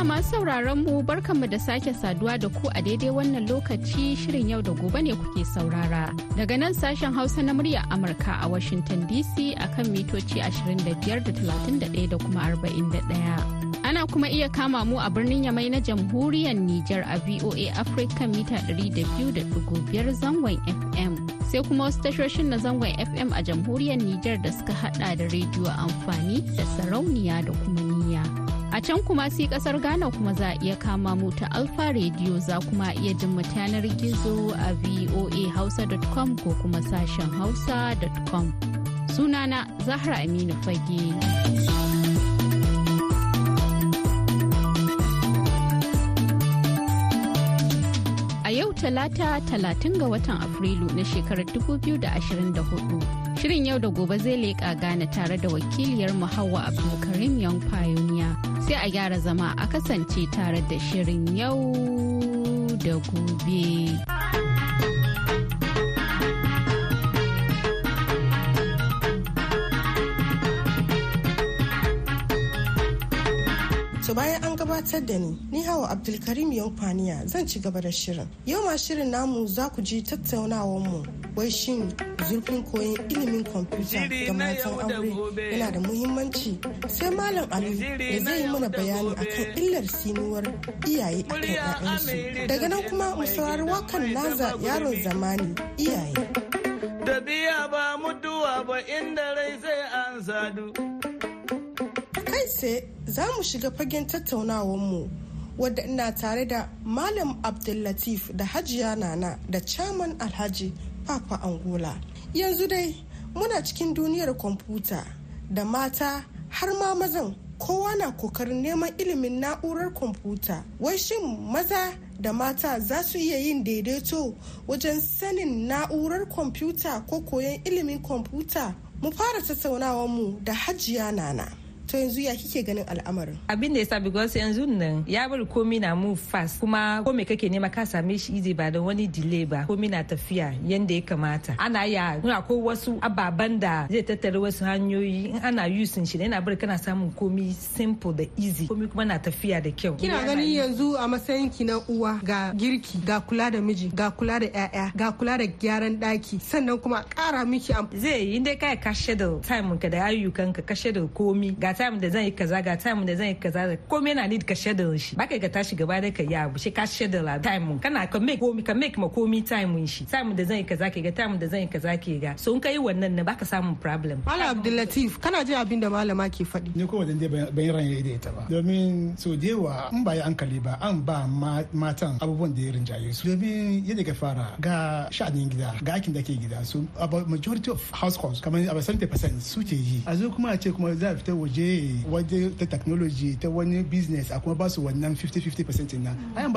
jama'a masu sauraron mu barkanmu da sake saduwa da ku a daidai wannan lokaci shirin yau da gobe ne kuke saurara. Daga nan sashen Hausa na murya Amurka a Washington DC akan mitoci 25 da da kuma 41. Ana kuma iya kama mu a birnin Yamai na jamhuriyar Nijar a VOA Africa mita 200.5 zangon FM. Sai kuma wasu tashoshin na zangon FM a jamhuriyar Nijar da suka hada da rediyo amfani da sarauniya da kuma niyya. A can kuma sai kasar Ghana kuma za a iya kama mu ta Alfa Radio za kuma iya jin mu yanar gizo a voahausa.com ko kuma sashen hausa.com. Sunana Zahra Aminu Fage. A yau talata talatin ga watan Afrilu na shekarar 2024. Shirin yau da gobe zai leƙa gane tare da wakiliyar mu Hauwa Abdulkarim Young Pioneer. Sai a gyara zama a kasance tare da shirin yau da gobe. To bayan an gabatar da ni, ni hawa Abdulkarim Yankwaniya zan ci gaba da shirin. Yau ma shirin namu za ku ji tattaunawar mu wai shin zurfin koyon ilimin kwamfuta da matan aure yana da muhimmanci sai Malam Ali da zai yi mana bayani akan illar sinuwar iyaye akan 'ya'yansu. Daga nan kuma mu saurari wakan Naza yaron zamani iyaye. Da biya ba mutuwa ba inda rai sai an sadu. Kai sai za mu shiga fagen tattaunawanmu wadda ina tare da Malam Abdullatif da Hajiya Nana da Chairman Alhaji Papa Angola. Yanzu dai muna cikin duniyar kwamfuta da mata har ma mazan kowa na kokarin neman ilimin na'urar kwamfuta. Wai shin maza da mata za su iya yin daidaito wajen sanin na'urar kwamfuta ko koyon ilimin kwamfuta? Mu fara tattaunawarmu da Hajiya Nana. to yanzu ya kike ganin al'amarin abin da ya sa because yanzu nan ya bar komi na mu fast kuma ko me kake nema ka same shi easy ba da wani delay ba komi na tafiya yanda ya kamata ana ya kuna ko wasu ababan da zai tattara wasu hanyoyi in ana using shi yana bari kana samun komi simple da easy komi kuma na tafiya da kyau kina gani yanzu a matsayin ki na uwa ga girki ga kula da miji ga kula da yaya ga kula da gyaran daki sannan kuma kara miki zai yi dai kai ka da time ka da ayyukan ka ka shadow komi ga time da zan yi kaza ga time da zan yi kaza komai na need ka schedule shi ba kai ka tashi gaba da ka yi abu shi ka schedule time kana ka make komai ka make ma komi time shi time da zan yi kaza ke ga time da zan yi kaza ke ga so in kai wannan ne baka samun problem Malam Abdullatif kana ji abin da malama ke faɗi ni ko wajen ban yi ranye da ita ba domin so wa. in ba yi hankali ba an ba matan abubuwan da ya rinjaye su domin yadda ka fara ga sha'anin gida ga aikin da ke gida so majority of households kamar a 70% suke yi a zo kuma a ce kuma za a fita waje ne waje ta technology ta wani business a kuma basu wannan 50-50% na an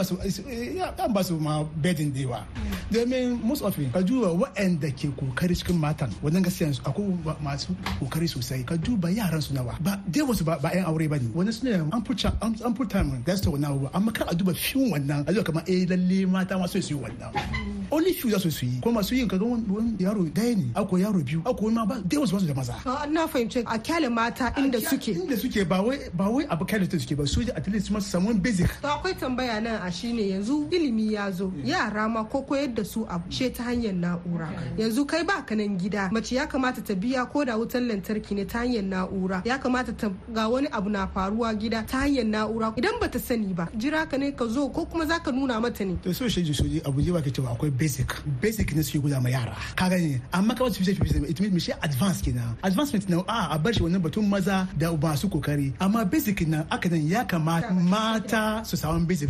basu ma bedin da yawa domin most of ka duba wa'anda ke kokari cikin matan wannan gaskiya akwai masu kokari sosai ka duba yaran su nawa ba dai wasu ba yan aure ba ne wani su ne an furta an gasta mun wannan abubuwa amma kan a duba fiye wannan a zuwa kamar eh lalle mata ma so su yi wannan hmm. only few za su su yi kuma masu yin kaga wani yaro daya ne akwai yaro biyu akwai ma ba da wasu da maza ah, na fahimci a kyale mata inda suke inda suke ba wai ba wai abu kyale ta suke ba su at least ma samu wani basic to akwai tambaya nan a shine yanzu ilimi ya zo hmm. yara ma ko koyar da su abu she ta hanyar na'ura yanzu kai ba ka nan gida mace ya kamata ta biya ko da wutar lantarki ne ta hanyar na'ura ya kamata ta ga wani abu na faruwa gida ta hanyar na'ura idan bata sani ba jira ka ne ka zo ko kuma ka nuna mata ne to so shi abu je ba ka cewa akwai basic basic ne suke guda ma yara ka gani amma kawai su fi fi it means she advance kenan advancement na a a bar shi wannan batun maza da su kokari amma basic na aka nan ya kamata mata su samu basic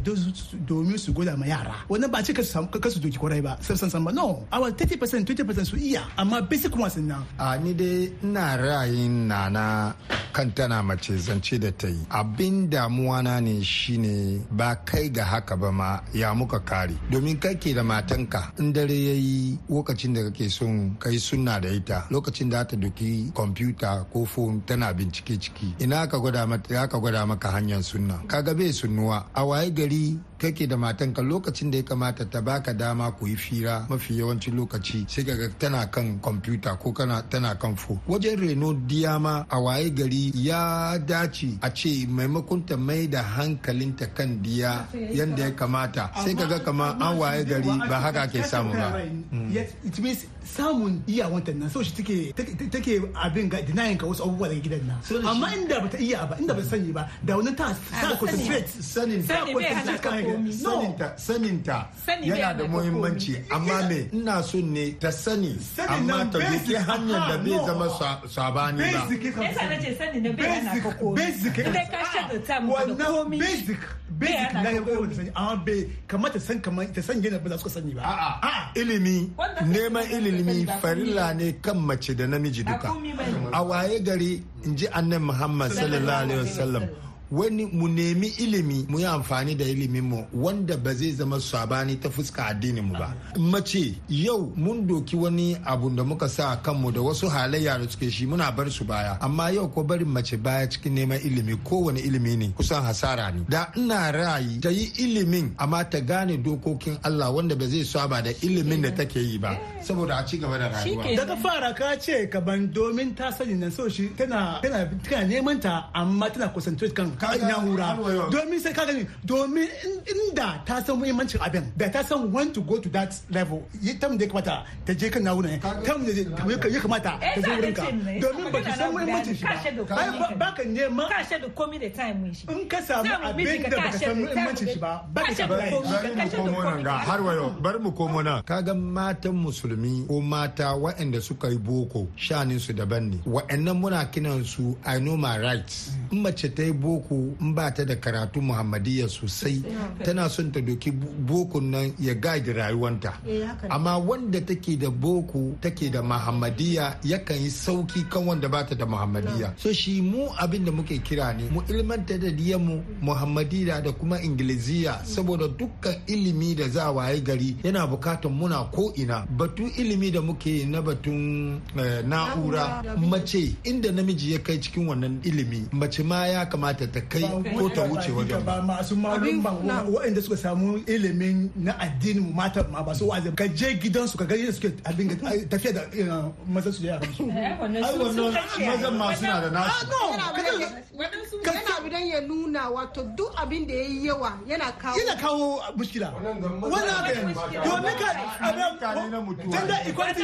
domin su guda ma yara wannan ba ce ka su doki kwarai ba sam san san ba no awa 30% 20% su iya amma basic ones na a ni dai ina ra'ayin nana kan tana mace zance da ta yi abin damuwa na ne shine ba kai ga haka ba ma ya muka kare domin kai ke da matanka in dare ya yi lokacin da kake son kai sunna da ita lokacin da ta duki kwamfuta ko fon tana bincike ciki ina ka gwada maka hanyar sunna kaga bai sunuwa a waye gari kake da matanka lokacin da ya kamata ta baka dama ku yi fira mafi yawancin lokaci sai ga tana kan kwamfuta ko kana tana kan fo wajen reno diyama a waye gari ya dace a ce maimakon ta mai da hankalinta kan diya yanda ya kamata sai ga kama an waye gari ba haka ke samu ba mm. samun iya wantan nan so shi take take abin ga denying ka wasu abubuwa da gidan nan amma inda bata iya ba inda bata sani ba da wani ta ah, sa concentrate sanin ta concentrate saninta saninta yana da muhimmanci amma me ina so ne ta sani amma ta duki hanyar da bai zama sabani ba yasa nace sani na bai yana ka komi basic idan ka shaɗa ta mutu da komi basic basic na yabo wanda sani amma bai ta san kamar ta san yana ba su sani ba a'a ilimi neman ilimi farilla ne kan mace da namiji duka a waye gari in ji annabi Muhammad sallallahu alaihi wasallam wani mu nemi ilimi mu yi amfani da ilimin mu wanda ba zai zama sabani ta fuska addinin mu ba mace yau mun doki wani abu da muka sa kanmu da wasu halayya da suke shi muna bar su baya amma yau ko barin mace baya cikin neman ilimi kowane ilimi ne kusan hasara ne da ina rayi ta yi ilimin amma ta gane dokokin Allah wanda ba zai saba da ilimin da take yi ba saboda a ci gaba da rayuwa daga fara ka ce ka ban domin ta sani nan so shi tana tana neman ta amma tana concentrate kan na'ura domin sai ka gani domin inda ta san muhimmancin abin da ta san when to go to that level yi tam da ya kamata ta je kan na'ura ne tam da ya kamata ta zo wurin ka domin ba ki san muhimmancin shi ba ba ka neman ka shaɗu komi da time shi in ka samu abin da ba ka san muhimmancin shi ba ba ka shaɗu komi da har wayo bar mu komo nan kaga matan musulmi ko mata waɗanda suka yi boko shanin su daban ne waɗannan muna kinan su i know my rights in mace ta yi boko boko in ba ta da karatu muhammadiyya sosai tana son ta doki boko nan ya gadi rayuwanta eh, amma wanda take da boko take da muhammadiyya yakan yi sauki kan wanda ba ta da muhammadiyya so shi mu abin da muke kira ne mu ilmanta da diyanmu muhammadiyya da kuma ingiliziya mm. saboda dukkan ilimi da za waye gari yana bukatar muna ko ina batu ilimi da muke na batun eh, na'ura mace inda namiji ya kai cikin wannan ilimi mace ma ya kamata da kai ko ta wuce wajen ba masu malumman waɗanda suka samu ilimin na mu mata ma ba su ka je gidan su ka ga yadda suke abin tafiya da eh, maza su yaran su ai wannan ma suna da nasu ah, yana bidan ya nuna wato duk abin da yayi yawa yana kawo yana kawo mushkila wannan domin ka abin tunda equality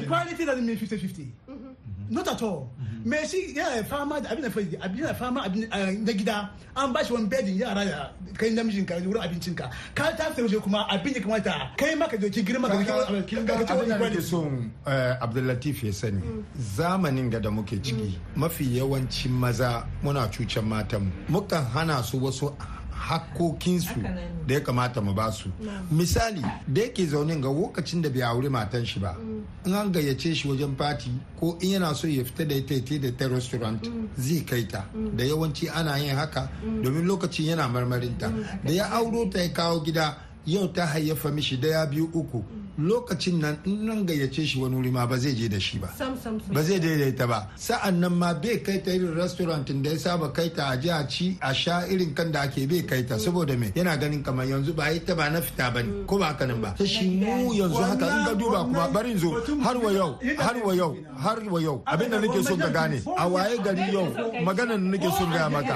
equality mean 50-50 mm-hmm. not at all me shi yana fama da abin da abin da fama abin eh, na gida an bashi wani bedin yara da kai namijin ka wurin abincin ka ka ta waje kuma abin da kamata kai maka doki girma ka doki kin ga ta wani gwani eh, Abdullatif ya sani zamanin ga da muke ciki mm. mafi yawancin maza muna cucen matan mu mukan hana su wasu hakkokinsu da ya kamata mu ba su misali da yake zaune ga lokacin da bai auri matan shi ba mm. in an gayyace shi wajen fati ko in yana so ya fita da ita ita da ta restaurant mm. zai kai ta mm. da yawanci ana yin haka domin lokacin yana marmarinta da ya auro ta ya kawo gida yau ta hayyafa mishi daya biyu uku lokacin nan in nan gayyace shi wani wuri ma ba zai je da shi ba ba zai daidaita ba sa'an nan ma bai kai ta irin restaurant da ya saba kai ta a a ci a sha irin kan da ake bai kai ta mm. saboda me yana ganin kamar yanzu ba ita ba na fita ba ne mm. ko ba haka nan ba ta shi mu yanzu haka in ga duba kuma barin zo har wa yau har wa yau har wa yau abin da nake so ka gane a waye gari yau magana da nake so ga maka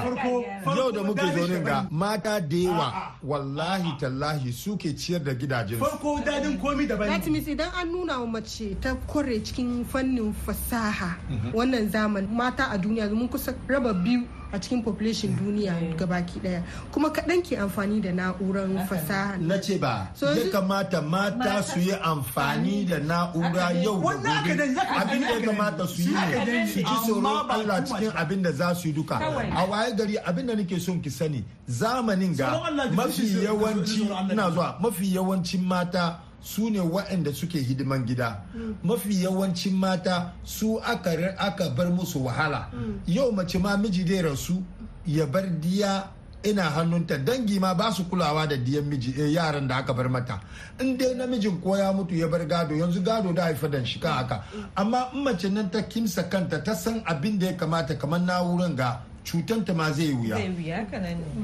yau da muke zaune ga mata da yawa ah, ah. wallahi tallahi suke ciyar da gidajen farko dadin komi daban ne latimis idan an nuna wa mace ta kware cikin fannin fasaha wannan zamani mata a duniya mun kusa raba biyu a cikin population duniya gabaki daya kuma kaɗan ke amfani da na'urar fasaha na ce ba ya kamata mata su yi amfani da na'ura yau da gobe abin da ya kamata su yi ne su ji tsoron Allah cikin abin da za su yi duka a waye gari abin da nake son ki sani zamanin ga mafi yawanci ina zuwa mafi yawancin mata su ne waɗanda suke hidiman gida mm. mafi yawancin mata su aka bar musu wahala mm. yau mace ma miji dai rasu ya bar diya ina hannunta dangi ma ba su kulawa da diyan miji eh, yaran da aka bar mata in dai namijin ko ya mutu ya bar gado yanzu gado da haifa dan shi haka mm. amma in mace nan ta kimsa kanta ta san abin da ya kamata kamar wurin ga cutan ta ma zai wuya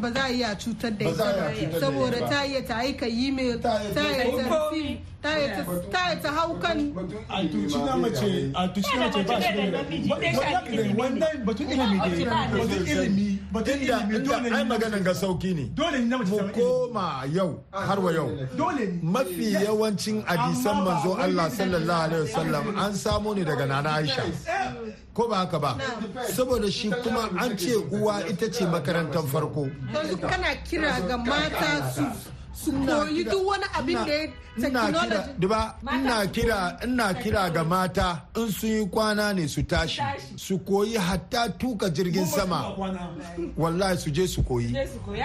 ba za a iya cutar da ita ba saboda ta iya ta aika yi mai ta iya ta ta ta haukan a tuci na mace a tuci na mace ba shi da wannan batun ilimi ne batun ilimi batun maganan ga sauki ne mu koma yau ah, har wa yau mafi yawancin hadisan manzo Allah sallallahu alaihi wasallam an samu ne daga nana Aisha eh. ko ba haka ba saboda shi kuma an ce uwa ita ce makarantar farko kana kira ga mata su su koyi duk wani abin da ya technology ina kira ina kira ga mata in sun yi kwana ne su tashi su koyi hatta tuka jirgin sama wallahi su je su koyi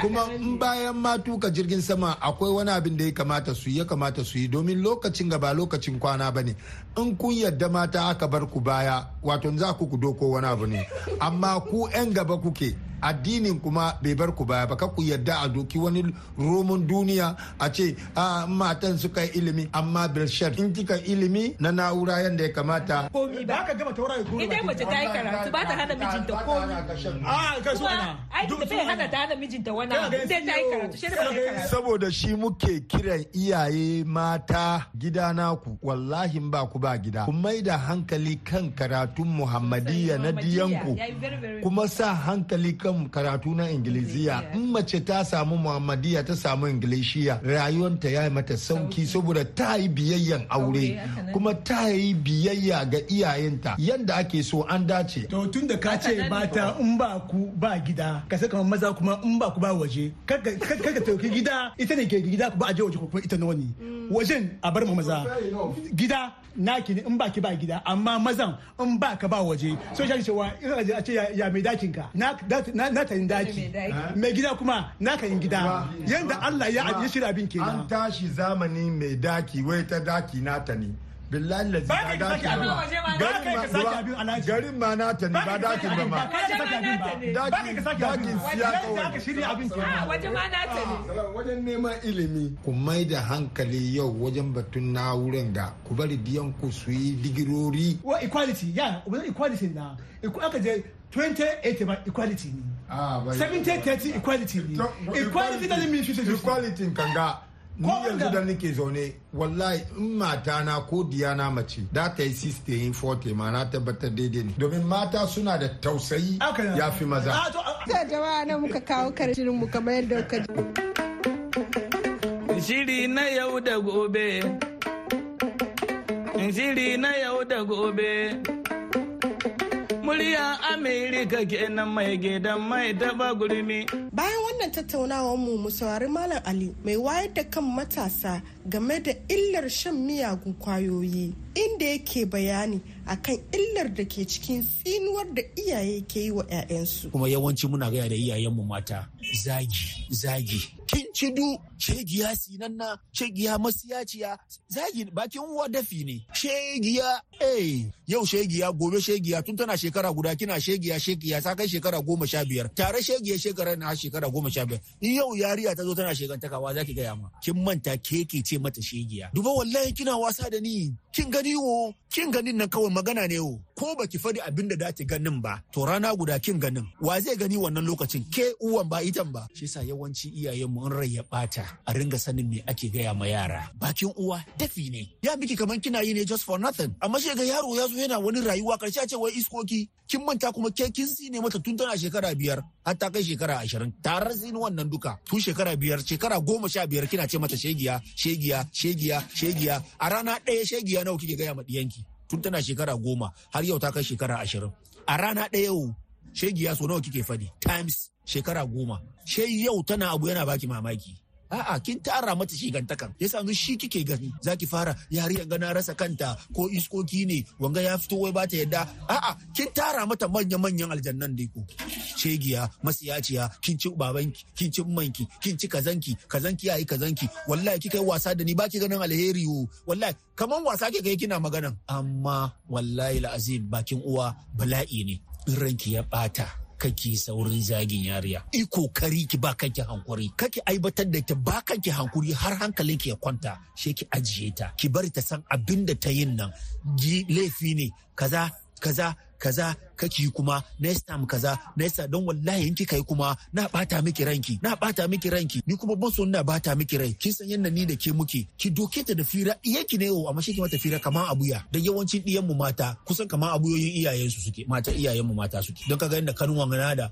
kuma in bayan ma tuka jirgin sama akwai wani abin da ya kamata su yi ya kamata su yi domin lokacin gaba lokacin kwana ba ne in kun yadda mata aka bar ku baya wato za ku ku doko wani abu ne amma ku 'yan gaba kuke addinin kuma bai bar ku baya ba ku yarda a doki wani roman duniya a ce a ah, matan suka yi ilimi amma bilshar in kika ilimi na na'ura yadda ya kamata komi ba ka gama taurari ko idan mace ta yi karatu ba ta hana mijinta komi a kai su ana ai da bai hana ta hana mijinta wani sai ta yi e karatu shi ba karatu saboda shi muke kiran iyaye mata gida ku wallahi ba ku ba gida ku mai da hankali kan karatun Muhammadiya na diyanku kuma sa hankali kan son karatu na ingiliziya in mace ta samu muhammadiya ta samu ingilishiya rayuwanta ya yi mata sauki saboda ta yi biyayyan aure kuma ta yi biyayya ga iyayenta yadda ake so an dace to tun da ka ce mata in ba ku ba gida ka kamar maza kuma in ba ku ba waje kaga tauki gida ita ne ke gida ba a je waje kuma ita nawa wani mm. wajen a bar ma maza gida naki ne in ba ki ba gida amma mazan in ba ka ba waje so shi cewa in a ce ya mai dakin ka na na ta yin daki mai gida kuma na ka yin gida yanda Allah ya ajiye shirya abin kenan an tashi zamani mai daki wai ta daki na ta ne billahi lazi ba daki ba garin ma na ta ne ba daki ba ma daki daki siya kawai ah, ah, wajen neman ilimi ku mai da hankali yau wajen batun na wurin ga ku bari diyan ku su yi digirori wa equality ya equality na aka je 2080 ma equality ne Ah, 70 equality ne. Equality kanga. Ni yanzu da nake zaune wallahi in mata na ko diyana mace da ta yi 60 40 ma na tabbatar daidai ne domin mata suna da tausayi ya fi maza. Ta jama'a na muka kawo karshen mu kamar yadda kaji. Shiri na yau da gobe. Shiri na yau da gobe. Murya Amerika kenan mai gidan mai daba gurmi. Bayan wannan tattaunawar mu mu saurari Malam Ali mai wayar da kan matasa game da illar shan miyagun kwayoyi. Inda yake bayani akan illar da ke cikin tsinuwar da iyaye ke yi wa 'ya'yansu. Kuma yawanci muna gaya da iyayenmu mata zagi zagi kin ci du shegiya sinan na shegiya masiyaciya zagi bakin uwa dafi ne shegiya eh yau shegiya gobe shegiya tun tana shekara guda kina shegiya shegiya ta kai shekara goma sha biyar tare shegiya shekara na shekara goma sha biyar yau yariya ta zo tana ta zaki zaki gaya ma kin manta keke ce mata shegiya duba wallahi kina wasa da ni kin gani wo kin ganin nan kawai magana ne wo ko ba ki faɗi abin da dace ganin ba to rana guda kin ganin wa zai gani wannan lokacin ke uwan ba itan ba shi yasa yawanci iyayen mu rai ya bata a ringa sanin me ake gaya ma yara bakin uwa dafi ne ya miki kaman kina yi ne just for nothing amma shi ga yaro ya zo yana wani rayuwa karshe a ce wai iskoki kin manta kuma ke kin ne mata tun tana shekara biyar har kai shekara ashirin tarar sin wannan duka tun shekara biyar shekara goma sha biyar kina ce mata shegiya shegiya shegiya shegiya a rana ɗaya shegiya nawa kike gaya ma ɗiyanki tun tana shekara goma har yau ta kai shekara ashirin a rana ɗaya yau shegi ya so nawa kike faɗi times shekara goma shai yau tana abu yana baki mamaki a'a kin tara mata shigantakan yasa yanzu shi kike gani zaki fara yariyan ga na rasa kanta ko iskoki ne wanga ya fito wai bata yadda a'a kin tara mata manya manyan aljannan dai ko shegiya masiyaciya kin ci babanki kin ci manki kin ci kazanki kazanki yayi kazanki wallahi kika yi wasa da ni baki ganin alheri o wallahi kaman wasa kika yi kina magana. amma wallahi la'azim bakin uwa bala'i ne in ranki ya bata kake saurin zagin yariya i kokari ki ba kanki hankuri kake aibatar da ita ba kanki hankuri har hankalin ki ya kwanta she ki ajiye ta ki bari ta san abin da ta yin nan laifi ne kaza kaza kaza kaki kuma next time kaza next time don wallahi in kika yi kuma na bata miki ranki na bata miki ranki ni kuma ban na bata miki rai kin san yanda ni da ke muke ki doke ta da fira ki ne yau amma shi ki mata fira kamar abuya da yawancin diyan mu mata kusan kamar abuyoyin iyayen su suke mata iyayen mu mata suke don kaga yanda kanuwan na da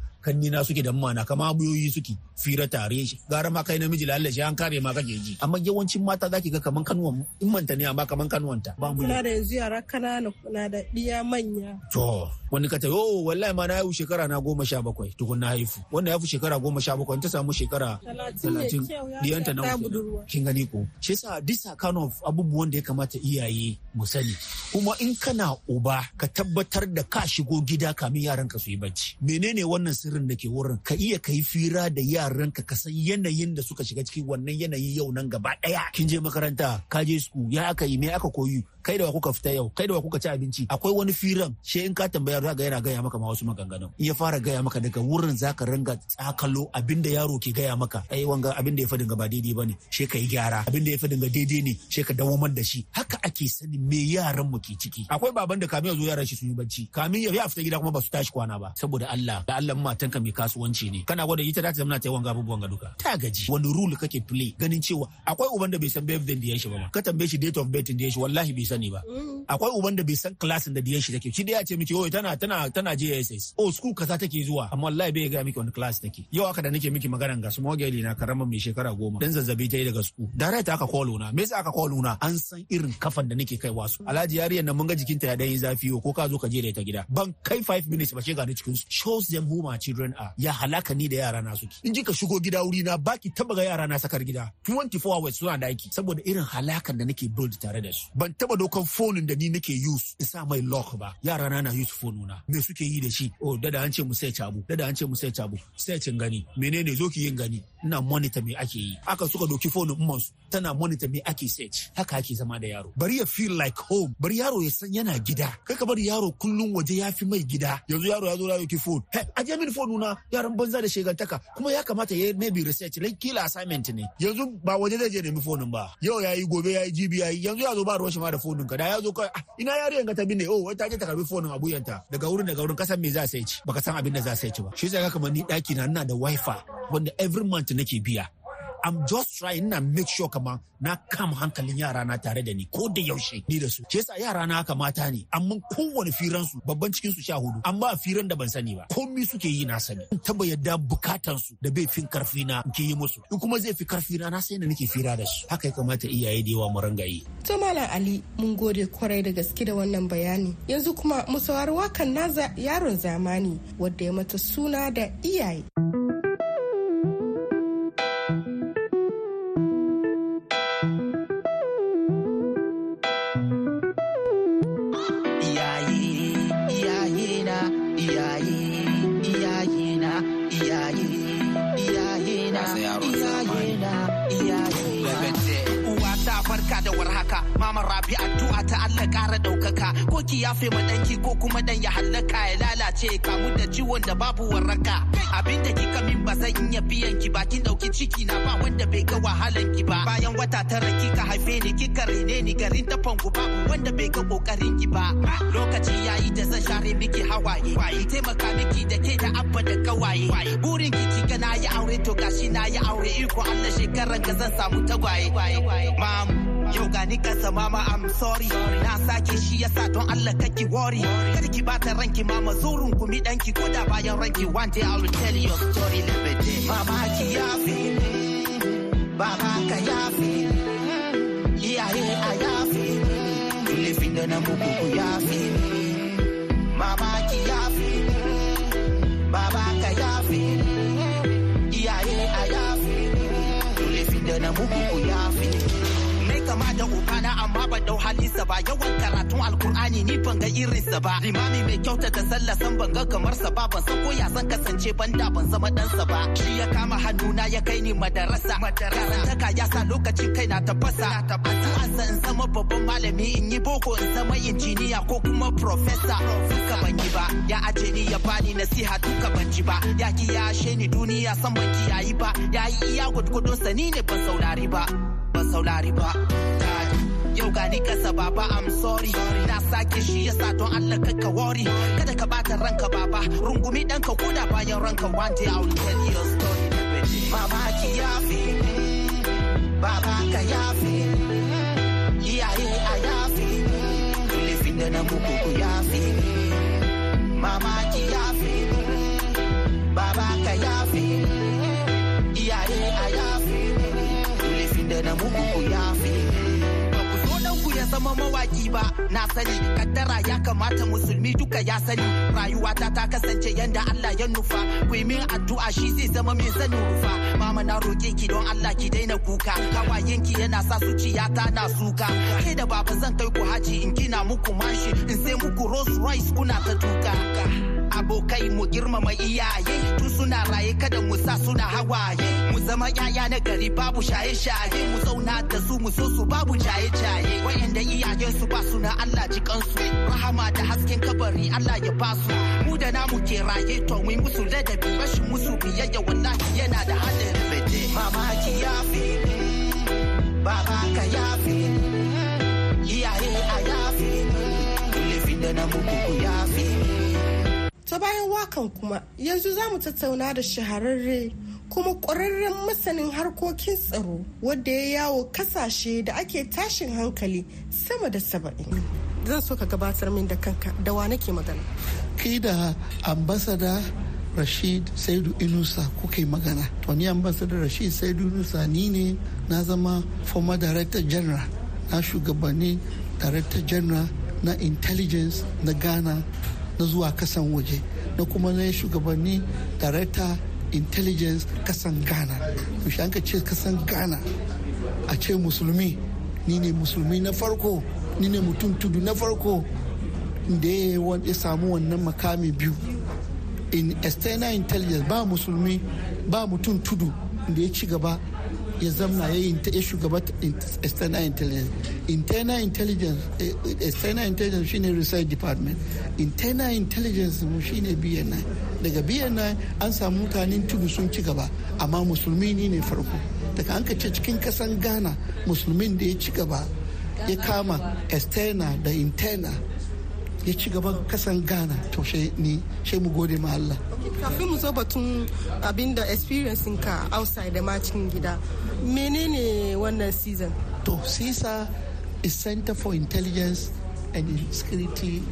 na suke da mana kamar abuyoyi suke fira tare shi gara ma kai namiji lalle shi an kare ma kake ji amma yawancin mata zaki ga kaman kanuwan in manta ne amma kaman kanuwanta ba mu da yanzu yara kanana kula da diya manya to wani ka ta yo oh, wallahi ma na haihu shekara na goma sha bakwai tukun na haifu wanda ya fi shekara goma sha bakwai ta samu shekara talatin diyanta na kin gani ko shi yasa this kind of abubuwan da ya kamata iyaye mu sani kuma in kana uba ka tabbatar da ka shigo gida kamin yaran ka su yi bacci menene wannan sirrin da ke wurin ka iya ka yi fira da yaran ka ka san yanayin da suka shiga cikin wannan yanayi yau nan gaba daya kin je makaranta ka je school ya aka yi me aka koyi kai da wa kuka fita yau kai da wa kuka ci abinci akwai wani firan she in ka tambaya za ga yana gaya maka ma wasu maganganun in ya fara gaya maka daga wurin za ka ringa tsakalo abinda yaro ke gaya maka ai wanga abinda ya fadin ga ba daidai bane she ka yi gyara abinda ya fadin ga daidai ne she ka dawo da shi haka ake sani me yaran mu ke ciki akwai baban da kamin a zo yaran shi sun yi bacci kamin ya fita gida kuma ba su tashi kwana ba saboda Allah da Allah matanka mai kasuwanci ne kana gwada ita zata zama ta yi wanga abubuwan ga duka ta gaji wani rule kake play ganin cewa akwai uban da bai san birthday da ya shi ba ka tambaye shi date of birth da ya wallahi sani ba mm. akwai uban da bai san klasin da diyan shi take shi da ya ce miki oh tana tana tana JSS oh school kaza take zuwa amma wallahi bai ga miki wani class take yau aka da nake miki magana ga su mogeli na karama mai shekara goma dan zazzabi ta yi daga su direct aka call na me yasa aka call na an san irin kafan da nake kaiwa su alhaji yariyan nan mun ga jikinta ya dan yi zafi ko ka zo ka je da ita gida ban kai 5 minutes ba ga ni cikin su shows them who my children are ya halaka ni da yara na suke in ji ka shigo gida wuri na baki taba ga yara na sakar gida 24 hours suna da aiki saboda irin halakan da nake build tare da su ban taba ɗaukan fonin da ni nake use in sa mai lock ba yara na na use phone na me suke yi da shi oh dada an ce mu sai cabu dada an ce mu sai cabu sai cin gani menene zo ki yin gani ina monitor me ake yi aka suka doki fonin umman su tana monitor me ake search haka ake zama da yaro bari ya feel like home bari yaro ya san yana gida kai ka bari yaro kullun waje ya fi mai gida yanzu yaro ya zo ya doki phone hey aje min phone na yaran banza da shegantaka kuma ya kamata ya maybe research like kila assignment ne yanzu ba waje zai je nemi phone ba yau yayi gobe yayi jibi yayi yanzu ya zo ba ruwan shi ma da phone fonin da ya zo kai ah, ina yariyan yanga ta binne oh wai ta je ta karbi fonin abuyanta daga wurin daga wurin kasan me za sai ci baka san abin da za sai ci ba shi sai ga kamar ni daki na ina da wifi wanda every month nake biya I'm just trying na make sure kama na kam hankalin yara na tare da ni ko da yaushe ni da su. Kesa yara na haka mata ne amma kowane firan su babban cikin su sha hudu amma firan da ban sani ba komi suke yi na sani. In taba yadda bukatan su da bai fin karfi na ke yi musu. In kuma zai fi karfi na na sai na nake fira da su. Haka ya kamata iyaye da yawa mu ranga yi. To Malam Ali mun gode kwarai da gaske da wannan bayani. Yanzu kuma mu saurari wakan na yaron zamani wadda ya mata suna da iyaye. ka ƙara ɗaukaka ko ki yafe ma ko kuma ɗan ya hallaka ya lalace kamu da ciwon da babu warraka abin da kika min ba zan iya biyan ki ba kin ɗauki ciki na ba wanda bai ga wahalan ki ba bayan wata tara kika haife ni kika rene ni garin dafan ku ba wanda bai ga ƙoƙarin ki ba lokaci yayi da zan share miki hawaye taimaka miki da ke da abba da kawaye burin ki kika na yi aure to gashi na yi aure iko Allah shekarar ga zan samu tagwaye mamu yau ni kasa mama I'm sorry na sake shi yasa don Allah kake worry kada ki bata ranki mama zurun mi danki ko da bayan ranki one day I'll tell your story lebe mama ki ya fi baba ka yafi ni iyaye a ya fi laifin da na muku ku fi da ubana amma ban dau halinsa ba yawan karatun alkur'ani ni ban ga irinsa ba limami mai kyautata sallah san ban ga kamar sa ba ban san ko ya san kasance ban da ban zama sa ba shi ya kama hannuna ya kai ni madarasa madarasa ya sa lokacin kai na tafasa addu'ansa in zama babban malami in yi boko in zama injiniya ko kuma profesa duka ban yi ba ya aje ni ya bani nasiha duka ban ji ba ya ki ya she ni duniya san ban kiyayi ba ya yi iya sa ni ne ban saurari ba ban saurari ba yau gani kasa baba I'm sorry na sake shi yasa don Allah ka wari kada ka bata ranka baba rungumi danka koda bayan ranka one day I'll tell your story mama ki yafi baba ka yafi iyaye a yafi laifin da na muku ku yafi mama ki zama mawaki ba na sani kaddara ya kamata musulmi duka ya sani rayuwata ta kasance yanda Allah ya nufa ku min addu'a shi zai zama mai sani rufa mama na roke ki don Allah ki daina kuka kawayenki ki yana sa zuciya ta na suka kai da baba zan kai ku haji in kina muku mashi in sai muku rose rice kuna ta tuka abokai mu girmama iyaye tun suna raye kada mu sa suna hawaye mu zama yaya na gari babu shaye-shaye mu zauna da su mu so su babu jaye-jaye wayanda iyayen su ba suna Allah ji kansu rahama da hasken kabari Allah ya basu mu da namu ke raye to mu musu ladabi rashin musu biyayya wallahi yana da hadari fete mama ki fi baba ka ya fi iyaye a yafi laifin da na muku ku ta bayan wakan kuma yanzu za mu tattauna da shahararre kuma ƙwararren masanin harkokin tsaro wadda ya yawo kasashe da ake tashin hankali sama da saba'in zan so ka gabatar min da kanka da wa nake magana kai da ambasada rashid saidu inusa kuke magana to ni ambasada rashid saidu inusa ni ne na zama former director general na shugabanni director general na intelligence na ghana na zuwa kasan waje na kuma na shugabanni director intelligence kasan ghana yaushe an ka ce kasan ghana a ce musulmi ni ne musulmi na farko ni ne mutum tudu na farko da ya samu wannan makami biyu in external intelligence ba musulmi ba mutum tudu da ya ci gaba ya zamna ya ya shugabata external intelligence internal intelligence eh, external intelligence shine research department internal intelligence mu shine bni daga bni an samu mutanen tudu sun ci gaba amma musulmi ne farko daga an ce cikin kasan ghana musulmin da ya ci gaba ya kama external da internal ya ci gaban kasan ghana to she ni she mu gode ma Allah kafin mu zo batun abinda experience ka outside da ma cikin gida menene wannan season to sisa is center for intelligence and security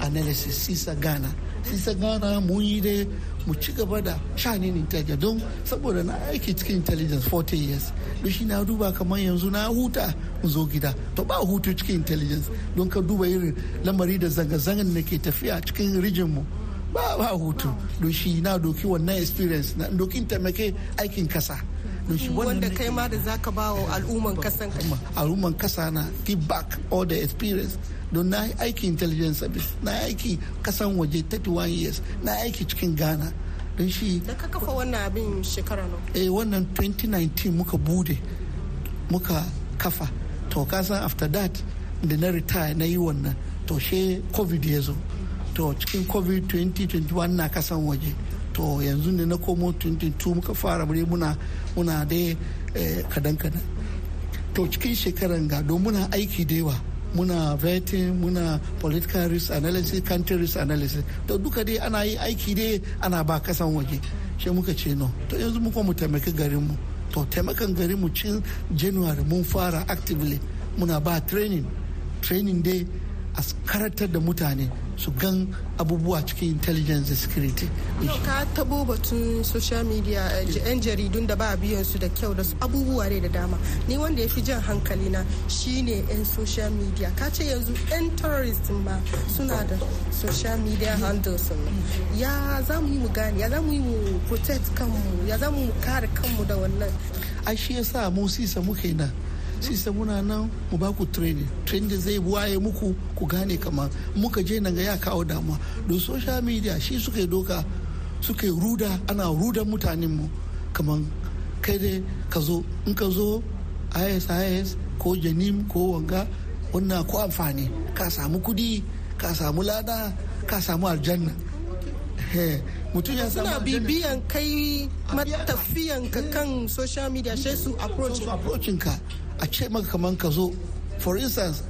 analysis sisa ghana sisa ghana mun yi dai mu ci gaba da shanin intelligence don saboda na aiki cikin intelligence 40 years don shi na duba kamar yanzu na huta mu zo gida to ba hutu cikin intelligence don ka duba irin lamari da zanga-zangan da ke tafiya cikin rijin mu ba ba hutu don shi na doki wannan experience na doki taimake aikin kasa wanda kai ma da zaka ba wa al'umman kasan ka al'umman kasa na give back all the experience don na aiki intelligence service na aiki kasan waje 31 years na aiki cikin ghana don shi da ka kafa wannan abin shekara no eh wannan 2019 muka bude muka kafa to kasan after that da na retire na yi wannan to she covid ya zo to cikin covid 2021 na kasan waje to yanzu ne na komo 22 muka fara bare muna muna da eh, kadan kadan to cikin shekaran ga don muna aiki da yawa muna vetting muna political risk analysis country risk analysis to duka dai ana yi aiki dai ana ba kasan waje shi muka ce no to yanzu muka mu taimaki mu to taimakan garin mu cikin january mun fara actively muna ba training training dai a karatar da mutane su gan abubuwa cikin intelligence da security. ka tabo batun social media eh, yan jaridun da ba biyan su da kyau da su abubuwa ne da dama ni wanda ya fi jan hankali na shine yan social media ka ce yanzu yan terrorist ma suna da social media handles ya za mu yi mu gane ya za mu yi mu protect kanmu ya za mu kare kanmu da wannan ai shi yasa mu sisa muke nan sista muna nan mu ba ku training training zai waye muku ku gane kamar muka je nan ga ya kawo damuwa don social media shi suka yi doka suka yi ruda ana ruda mutanen mu kamar kai dai ka zo in ka zo isis ko janim ko wanga wannan ko amfani ka samu kudi ka samu lada ka samu aljanna mutum ya suna bibiyan kai matafiyan ka kan social media sai su approach ka a ce maka kamar ka zo for instance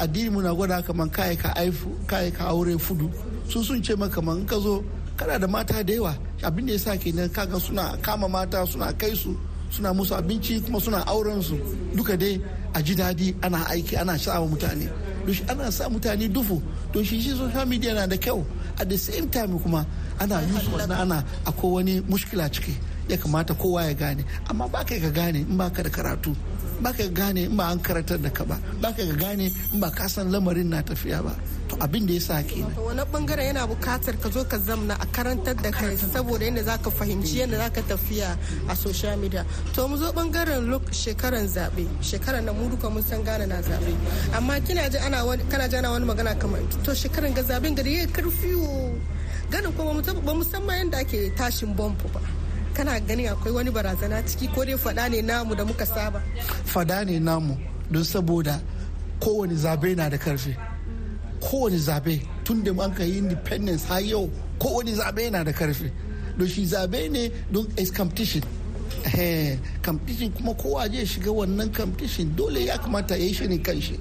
addini muna gwada kaman ka aifu ka aure fudu su sun ce maka kamar ka zo kana da mata da yawa abin da ya sa kenan kaga suna kama mata suna kai su suna musu abinci kuma suna auren su duka dai a ji daɗi ana aiki ana sha'awa mutane don ana sa mutane dufu don shi shi social media na da kyau at the same time kuma ana yusu wasu ana akwai wani mushkila ciki ya kamata kowa ya gane amma ba ka gane in ba ka da karatu baka gane in ba an karatar da ka ba baka gane in ba ka san lamarin na tafiya ba to abin da ya sa kenan wani bangare yana bukatar ka zo ka zamna a karantar da kai saboda yadda zaka fahimci yadda zaka tafiya a social media to mu zo bangaren look shekaran zabe shekaran nan mu duka mun san gane na zabe amma kina ji ana wani kana ji ana wani magana kamar to shekaran ga zaben gari ya karfiwo ganin kuma ba musamman yadda ake tashin bomb ba kana gani akwai wani barazana ciki ko dai fada ne namu da muka saba fada ne namu don saboda kowane zabe na da karfi kowane zabe tun da an ka yi independence har yau kowane zabe na da karfi don shi zabe ne don is competition eh, competition kuma kowa je shiga wannan competition dole ya kamata ya yi shi ne kanshi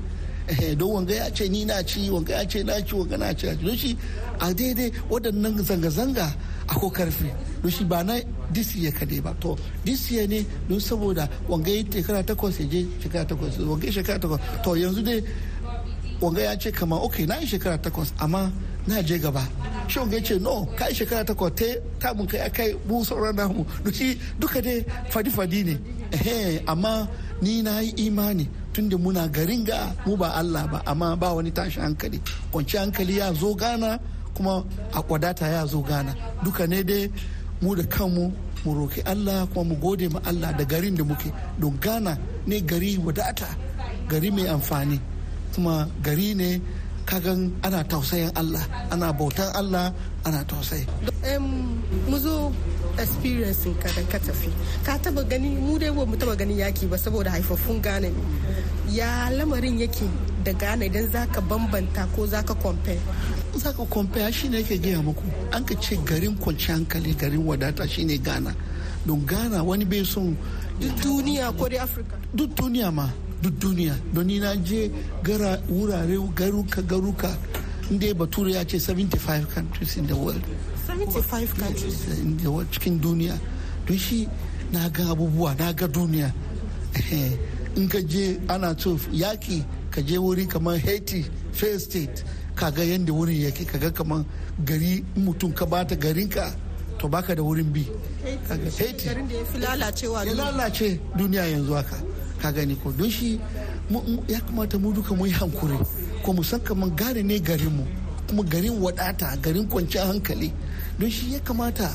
eh, don wanga ya ce ni na ci wanga ya ce na ci wanga na ci don shi a daidai waɗannan zanga-zanga a ko karfi don shi ba na disiye kadai ba to disiye ne don saboda wangai shekara takwas ya je shekara takwas wangai shekara takwas to yanzu dai wanga ya ce kama ok na yi shekara takwas amma na je gaba shi wanga ce no ka yi shekara takwas ta mun kai akai mu sauran namu duki duka dai fadi-fadi ne amma ni na yi imani da muna garin ga mu ba Allah ba amma ba wani tashi hankali kwanci hankali ya zo gana kuma a kwadata ya zo gana duka ne dai mu da kanmu mu roki Allah kuma mu gode ma Allah da garin da muke don gana ne gari wadata gari mai amfani kuma gari ne kagan ana tausayin Allah ana bautan Allah ana tausayi. mu zo experience ka ka tafi ka taba gani mu dai ba mu taba ganin yaki ba saboda haifaffun gane ya lamarin yake da gane idan zaka bambanta ko zaka compare za ka compare shi ne yake gaya muku an ka ce garin kwanci hankali garin wadata shine ghana don ghana wani bai son duk duniya ko dai afirka duk duniya ma duk duniya don ni na je gara wurare garuka garuka inda bature ya ce 75 countries in the world 75 countries in the world cikin duniya don shi na ga abubuwa na ga duniya in ka je ana so yaki ka je wuri kamar haiti fair state kaga yadda wurin yake kaga kaman gari mutum ka bata garinka to baka da wurin bi kaga haiti ya lalace duniya yanzu haka ka gani ko don shi ya kamata mu duka mu yi hankuri ko mu san kamar gari ne garinmu kuma garin wadata garin kwanciyar hankali don shi ya kamata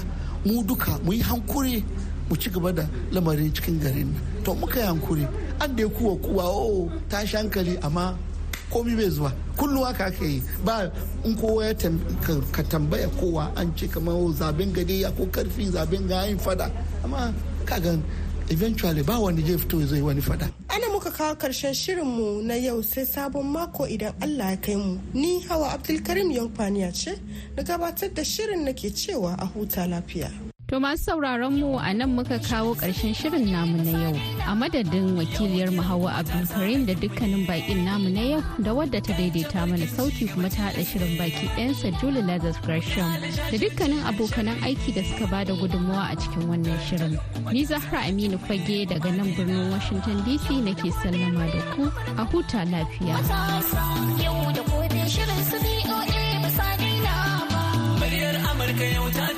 mu duka mu yi hankuri mu ci gaba da lamarin cikin garin to muka yi hankuri an da ya kuwa kuwa o oh, tashi hankali amma komi bai zuwa kullum haka ka yi ba in kowa ya ka tambaya kowa an ce kamar oh, zaben gade ya ko karfi zaben ga yin fada amma kagan eventually ba wani zai fito zai wani fada ana muka kawo karshen shirin mu na yau sai sabon mako idan allah ya kai mu ni hawa abdulkarim yankwaniya ce na gabatar da shirin nake cewa a huta lafiya To masu sauraron mu a nan muka kawo ƙarshen shirin namu na yau. A madadin wakiliyar Hawa Abdulkarim da dukkanin baƙin namu na yau da wadda ta daidaita mana sauti kuma ta haɗa shirin baki ɗayansa Julie Lazarus Gresham da dukkanin abokanan aiki da suka bada gudunmawa a cikin wannan shirin. Ni Zahra Aminu Fage daga nan birnin Washington DC nake sallama da ku a huta lafiya. Amurka yau ta